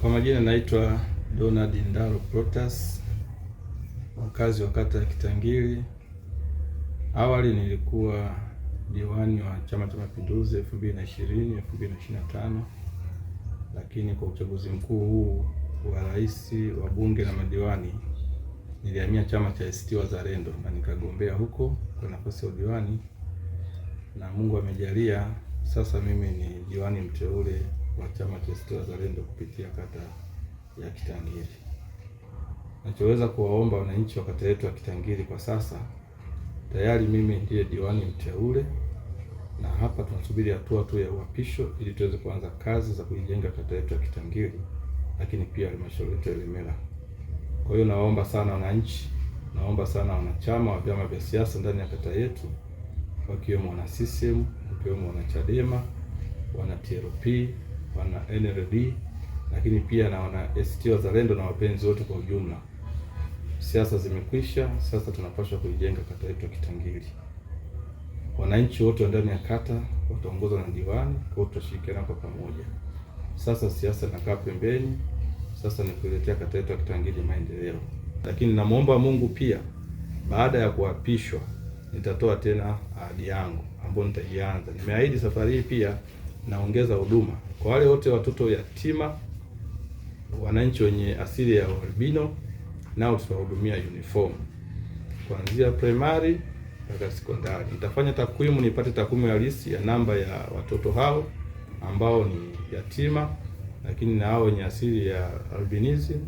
Kwa majina naitwa Donald Ndaro Protas, mkazi wa kata ya Kitangiri. Awali nilikuwa diwani wa Chama cha Mapinduzi 2020 2025, lakini kwa uchaguzi mkuu huu wa rais wa bunge na madiwani nilihamia chama cha ACT Wazalendo na nikagombea huko kwa nafasi ya udiwani, na Mungu amejalia sasa mimi ni diwani mteule wa chama cha ACT Wazalendo kupitia kata ya Kitangiri. Nachoweza kuwaomba wananchi wa kata yetu ya Kitangiri kwa sasa, tayari mimi ndiye diwani mteule, na hapa tunasubiri hatua tu ya uhapisho ili tuweze kuanza kazi za kuijenga kata yetu ya Kitangiri, lakini pia halmashauri yetu ya Ilemela. Kwa hiyo nawaomba sana wananchi, naomba sana wanachama wa vyama vya siasa ndani ya kata yetu, wakiwemo wana CCM, wakiwemo wana Chadema, wana TLP wana NLD, lakini pia na wana ACT Wazalendo na wapenzi wote kwa ujumla. Siasa zimekwisha, sasa tunapaswa kuijenga kata yetu ya Kitangiri. Wananchi wote wa ndani ya kata wataongozwa na diwani, kwa hiyo tutashirikiana kwa pamoja. Sasa siasa inakaa pembeni, sasa ni kuletea kata yetu ya Kitangiri maendeleo. Lakini namwomba Mungu pia, baada ya kuapishwa, nitatoa tena ahadi yangu ambayo nitaianza. Nimeahidi safari hii pia naongeza huduma kwa wale wote watoto yatima, wananchi wenye asili ya albino, nao tutawahudumia uniform kuanzia primary mpaka sekondari. Nitafanya takwimu, nipate takwimu halisi ya namba ya watoto hao ambao ni yatima, lakini na hao wenye asili ya albinism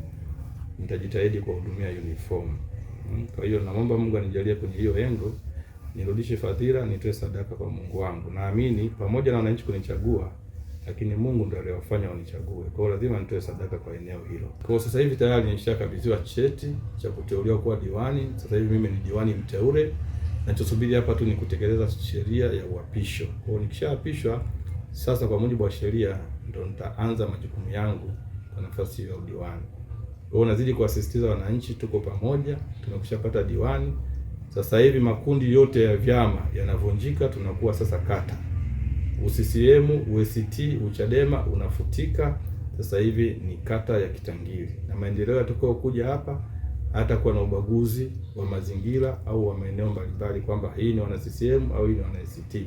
nitajitahidi kuwahudumia uniform. Hmm, kwa hiyo naomba Mungu anijalie kwenye hiyo engo nirudishe fadhila, nitoe sadaka kwa Mungu wangu. Naamini pamoja na wananchi kunichagua, lakini Mungu ndiye aliyofanya wanichague. Kwa hiyo lazima nitoe sadaka kwa eneo hilo. Kwa sasa hivi tayari nishakabidhiwa cheti cha kuteuliwa kuwa diwani. Sasa hivi mimi ni diwani mteule. Nachosubiri hapa tu ni kutekeleza sheria ya uapisho. Kwa hiyo nikishaapishwa sasa, kwa mujibu wa sheria, ndo nitaanza majukumu yangu kwa nafasi ya udiwani. Kwa hiyo nazidi kuwasisitiza wananchi, tuko pamoja, tumekushapata diwani. Sasa hivi makundi yote ya vyama yanavunjika, tunakuwa sasa kata. UCCM, UACT, UCHADEMA unafutika, sasa hivi ni kata ya Kitangiri, na maendeleo kuja hapa hata hatakuwa na ubaguzi wa mazingira au wa maeneo mbalimbali, kwamba hii ni wana CCM au hii ni wana ACT.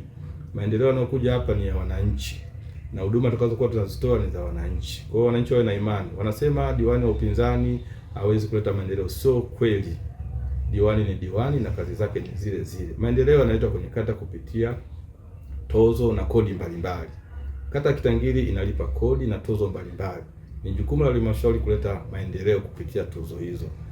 Maendeleo yanayokuja hapa ni ya wananchi na huduma tutakazokuwa tunazitoa ni za wananchi. Kwa hiyo wananchi wawe na imani, wanasema diwani wa upinzani hawezi kuleta maendeleo, sio kweli diwani ni diwani na kazi zake ni zile zile. Maendeleo yanaletwa kwenye kata kupitia tozo na kodi mbalimbali. Kata Kitangiri inalipa kodi na tozo mbalimbali. Ni jukumu la halmashauri kuleta maendeleo kupitia tozo hizo.